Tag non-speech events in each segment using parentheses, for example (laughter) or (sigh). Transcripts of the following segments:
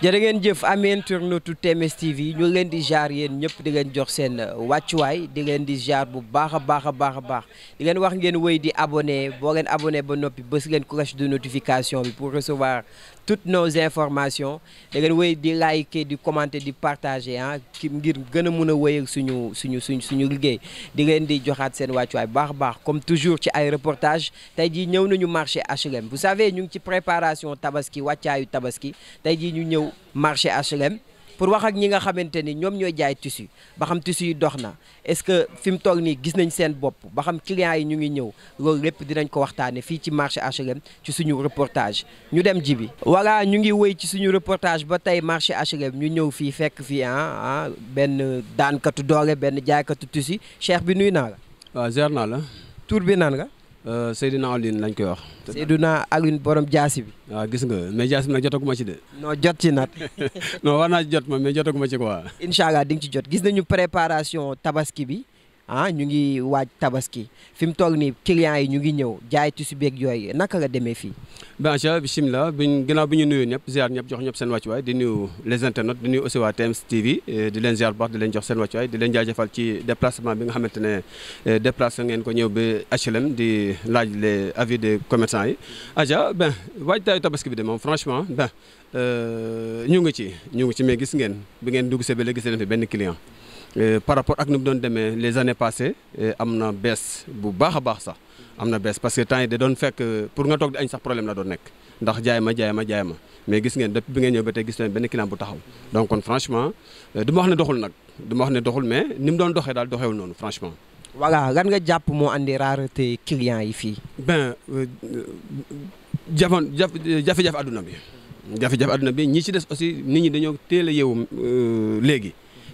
jërë ngeen jëf ameen tournatu TMS TV ñu ngi leen di jaar yéen ñëpp di leen jox seen uh, wàccuwaay di leen di jaar bu baax a baax a baax a baax di leen wax ngeen woy di abonné boo leen abonné ba noppi bës leen cloche de notification bi pour recevoir toutes nos informations da ngeen wéy di liker di commenter di partager ah ngir gën a mun a wéyal suñu suñu suñ suñu liggéey di leen di joxaat seen wàccuwaay baax baax comme toujours ci ay reportage tey ji ñëw nañu marché HLM vous savez ñu ngi ci préparation tabaski wàccaayu tabaski tey jii ñu ñëw marché HLM pour wax ak ñi nga xamante ni ñoom ñooy jaay tissu ba xam tissu yi dox na est-ce que fi mu toog nii gis nañ seen bopp ba xam clients yi ñu ngi ñëw loolu lépp dinañ ko waxtaanee fii ci marché HLM ci suñu reportage ñu dem ji bi. voilà ñu ngi wéy ci suñu reportage ba tey marché HLM ñu ñëw fii fekk fii ah ah benn daankatu doole benn jaaykatu tissu cheikh bi nuyu naa la. waaw la. tur bi naan nga. Euh, Seydina Alioune lañ koy wax. Seydina Alioune borom jaasi bi. waa ah, gis nga mais jaasi bi nag jotaguma ci de. noo jot ci nag. (laughs) non war naa jot ma mais jotaguma ci quoi. incha allah di nga ci jot gis nañu préparation tabaski bi. ah ñu ngi waaj tabaski fi mu toll nii clients yi ñu ngi ñëw jaay ci si beeg yooyu naka la demee fii. bien bi bisimilah biñ ginnaaw bi ñu nuyu ñëpp ziar ñëpp jox ñëpp seen wàccuwaay di nuyu les internautes di nuyu aussi waa TMS TV eh, di leen ziar bu baax di leen jox seen wàccuwaay di leen jaajëfal ci déplacement bi nga xamante ne eh, déplacé ngeen ko ñëw ba HLM di laaj les avis des commerçants yi. aja ben waajtaayu tabaski bi de moom franchement ben euh, ñu ngi ci ñu ngi ci gis ngeen bi ngeen dugg see ba léegi gis benn client. Euh, par rapport ak nu mu doon demee les années passées euh, am na bees bu baax a baax sax am na bees parce que temps yi da doon fekk euh, pour nga toog di añ sax problème la doon nekk ndax jaay ma jaay ma jaay ma mais gis ngeen depuis bi ngeen ñëw ba te gis leen benn bu taxaw donc kon franchement du ma wax ne doxul nag du ma wax ne doxul mais ni mu doon doxee daal doxewul noonu franchement. voilà lan nga jàpp moo andi rareté client yi fii. ben jafoon jafe-jafe àdduna bi jafe-jafe adduna bi ñi ci des aussi nit ñi dañoo teel a yeewu léegi.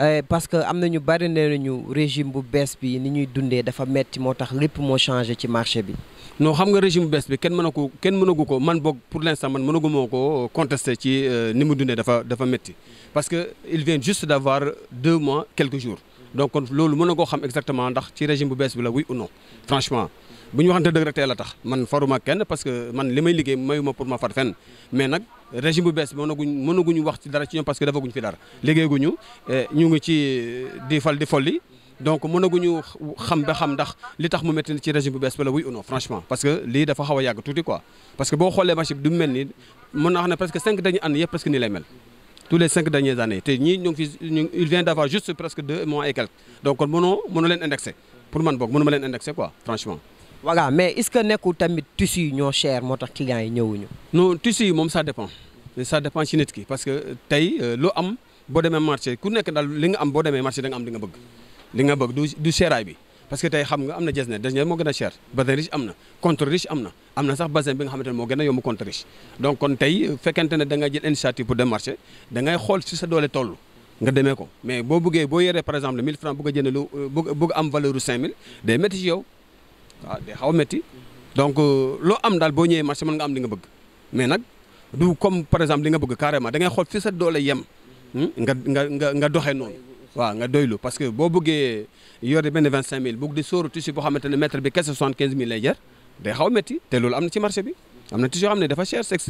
Euh, parce que am na ñu bari nee nañu régime bu bees bi ni ñuy dundee dafa metti moo tax lépp moo changé ci marché bi. noo xam nga régime bu bees bi kenn mën a ko kenn mënagu ko man boog pour l'instant saman mënagu moo ko contester ci euh, ni mu dundee dafa dafa metti parce que il vient juste d'avoir deux mois quelques jour donc kon loolu mën na koo xam exactement ndax ci régime bu bees bi la oui ou non franchement. bu ñu waxante dëgg rek tey la tax man faruma kenn parce que man li may liggéey mayuma pour ma far fenn mais nag régime bu bees mënaguñ mënaguñ wax ci dara ci ñoom parce que defaguñ fi dara liggéeyaguñu ñu ngi ci euh, di fal di folli donc mënaguñu xam ba xam ndax li tax mu a yàgg tuuti quoi parce que boo xoolee ne presque cinq derniers années yëpp leen indexé pour man boog mënu ma leen indexé quoi franchement voilà mais est-ce que nekkul tamit tissu yi ñoo cher moo tax clients yi ñëwuñu. non tissu yi moom ça dépend ça dépend ci ki parce que tey euh, loo am boo demee marché ku nekk daal li nga am boo demee marché da nga am nga bëgg. li nga bëgg du du que tey xam nga am na jesne jesne moo gën a cher bazin riche am am na am na sax bazin bi nga xamante ne moo gën a yomb contre riche. donc kon euh, ne da nga xool si sa doole toll. nga demee ko mais boo bëggee boo yoree par exemple 1000 francs bëgg a jënd lu euh, bëgg am valeur bu 5000 day métti ci yow. waaw ah, day xaw a métti donc euh, loo am daal boo ñëwee marché mën nga am li nga bëgg mais nag du comme par exemple li a bëgg carrément da ngay xool fi sa doole yem hmm? nga nga nga nga doxee noonu waaw nga doylu parce que boo bëggee yore benn vingt cinq mille bugg di sóoru boo xamante ne mètre bi kese soixante quinze mille xaw a métti te loolu am na ci marché bi am na tissu yoo xam ne dafa cher c'est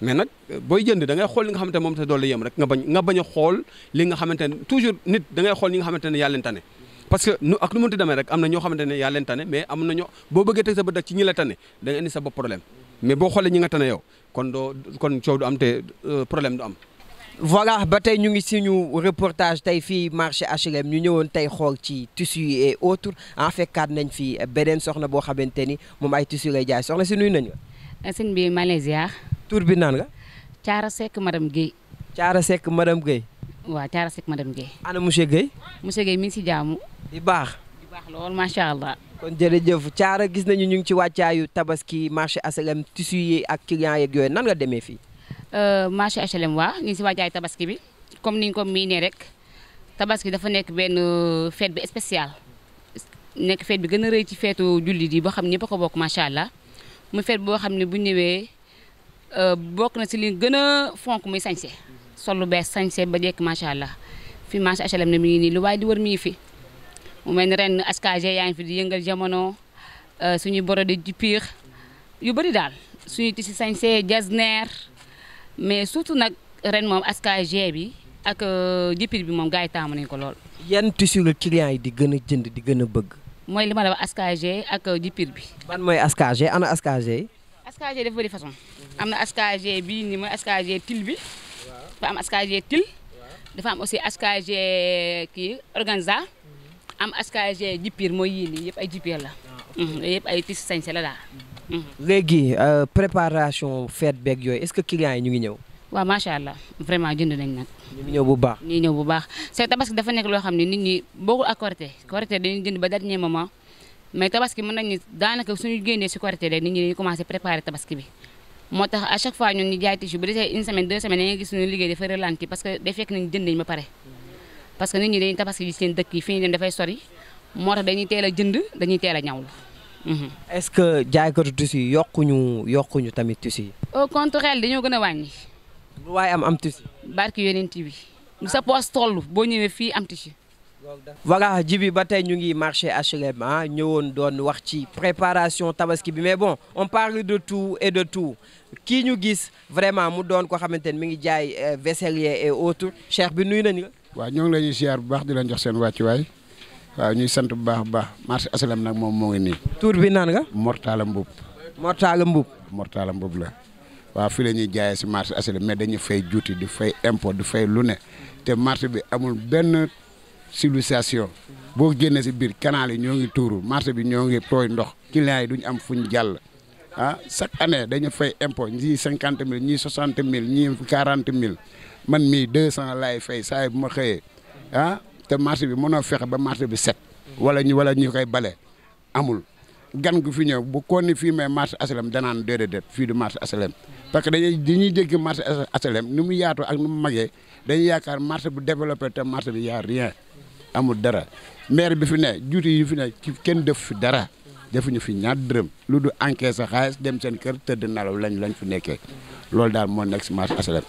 mais nag booy jënd da xool li nga xamante ne moom te doole yem rek nga bañ nga bañ a xool li nga xamante ne toujours nit da xool ñi nga xamante ne yàlla leen parce que nu ak nu mënti demee rek am na ñoo xamante ne yaa leen tane mais am na ñoo boo bëggee teg sa bët ci ñi la tane da nga indi sa problème mais boo xoolee ñi nga tane kon doo kon coow du am te euh, problème du am. voilà ba tey ñu ngi suñu reportage tey fii marché HLM ñu ñëwoon tey xool ci tissu et autres en fekkaat nañ fi beneen soxna boo xamante ni moom ay tissu lay jaay soxna si nuyu nañu la. Euh, sëñ bi Malaysia. tur bi naan la caara Seck madame Guèye. Thiara Seck madame Guèye. waaw Thiara ma madame Guèye. ana monsieur Guèye. monsieur Guèye mi ngi si jaamu. di baax. di baax loolu macha allah. kon jërëjëf caara gis nañu ñu ngi ci wàccaayu tabaski marché HLM tissu yi ak client yeeg yooyu nan nga demee fii. Euh, marché HLM waa ñu ngi si wàccaayu tabaski bi comme niñ ko miinee rek tabaski dafa nekk benn euh, feet bi spéciale nekk feet bi gën a rëy ci feetu jullit yi boo xam ñëpp a ko bokk macha allah mu fête boo xam ne bu ñëwee euh, bokk na si li gën a fonk muy sañse sol lu bees sañse ba jekk macha allah fi marché HLM ne nii lu waaye di wër mi ngi fi mu mel ren askage yaa fi di yëngal jamono euh, suñu borode di piir yu bëri daal suñu tisi sañse jasner mais surtout nag ren moom askage bi ak euh, jipir bi moom gars yi taamu nañ ko lool. yan tissu la client yi di gën a jënd di gën a bëgg. mooy li ma la ak euh, jipir bi. ban mooy askage ana askage yi. am na askage bii nii mooy askage til bi. dafa am HCG TIL dafa am aussi HCG eh, kii organza mm-hmm. am HCG jippiir mooy yii nii yëpp ay jippiir la ah, mm-hmm, yëpp ay tis sañse la daal mm-hmm. léegi euh, préparation fête beeg yooyu est-ce que clients yi ñu ngi ñëw waa macha allah vraiment jënd nañ nag ñu ngi ñëw bu baax ñu ñëw bu baax c'est tabaski dafa nekk loo xam ne nit ñi bokkul ak Korité Korité dañuy jënd ba dernier moment mais tabaski mën nañu daanaka suñu génnee si Korité rek nit ñi dañuy préparer tabaski bi moo tax à chaque fois ñun ñu jaay tissu bu desee une semaine deux semaines da ngay gis suñu liggéey dafa ralenti parce que day fekk nañu jënd nañ ba pare parce que nit ñi dañuy tabaski ji seen dëkk yi fi ñu dem dafay sori moo tax dañuy teel a jënd dañuy teel a ñawlu mhm. est-ce que jaaykatu tissu yi yokkuñu yokkuñu tamit tissu yi au contraire dañoo gën a wàññi waaye am am tissu barki yonent bi sa poos toll boo ñëwee fii am tissu voilà jibi ba tey ñu ngi marché HLM ah ñëwoon doon wax ci préparation tabaski bi mais bon on parle de tout et de tout kii ñu gis vraiment mu doon ko xamante ne mi ngi jaay euh, vaisselier et autres cheikh bi nuyu nañ la. waaw ñoo ngi la ñu ziar bu baax di leen jox seen wàccuwaay waa ñuy sant bu baax bu baax marché HLM nag moom moo ngi nii. tur bi naan nga. Mortala Mbub. Mortala Mbub. Mortala Mbub la. waa fii la ñuy jaaye si marché HLM mais dañu fay juuti di fay impôt di fay lu ne te marché bi amul benn. civilisation boo génnee si biir canal yi ñoo ngi tuuru marché bi ñoo ngi tooy ndox clients yi duñ am fuñ jàll ah chaque année dañu fay impôt ñii cinquante mille ñii soixante mille ñii quarante mille man mii deux cent laay fay saa bu ma xëyee ah te marché bi mënoo fexe ba marché bi set. wala ñu wala ñu koy bale amul gan gu fi ñëw bu ko ni fii may marché asalem danaan déedéet fii du marché asalem parce que dañuy dañuy dégg marché asalem ni mu yaatoo ak nu mu magee dañuy yaakaar marché bu développé te marché bi yaar rien amul dara maire bi fi ne juuti yi fi ne ci kenn def fi dara defuñu fi ñaar dërëm lu du encaisse sa xaalis dem seen kër tëdd nalaw lañ lañ fi nekkee loolu daal moo nekk si marché HLM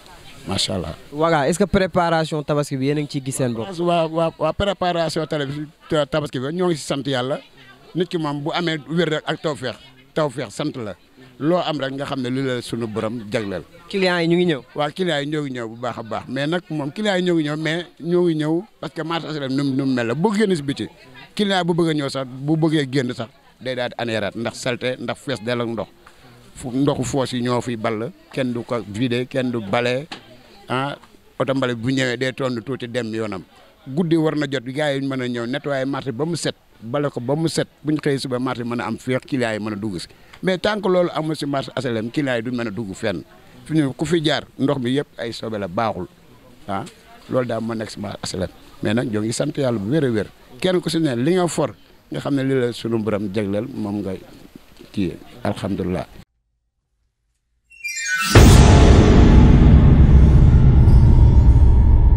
macha allah. voilà est-ce que préparation tabaski bi yéen a ngi ciy gis seen bopp. waa waa waa préparation tabaski bi ñoo ngi si sant yàlla nit ki moom bu amee wér rek ak tawfeex tawféex sant la loo am rek nga xam ne li la sunu borom jagleel. clients yi ñu ngi ñëw. waaw clients yi ñoo ngi ñëw bu baax a baax mais nag moom clients yi ñoo ngi ñëw mais ñoo ngi ñëw parce que marché HLM nu mu mel la boo génn si biti client bu bëgg a ñëw sax bu bëggee génn sax day daat di anéeraat ndax salte ndax fees dell ak ndox ndoxu foos yi ñoo fiy ball kenn du ko vidé kenn du bale ah oto mbale bu ñëwee day tonn tuuti dem yoonam guddi war na jot gars yi mën a ñëw nettoyer marché ba mu set. bale ko ba mu set bu ñu xëyee ba marché mën a am féex client yi mën a dugg si mais tant que loolu amul si marché HLM client yi duñ mën a dugg fenn fi ñu ku fi jaar ndox mi yëpp ay sobe la baaxul ah loolu daa moo nekk si marché HLM mais nag ñoo ngi sant yàlla bu wér a wér kenn ku si neen li nga for nga xam ne li la sunu borom jagleel moom nga kii alhamdulilah.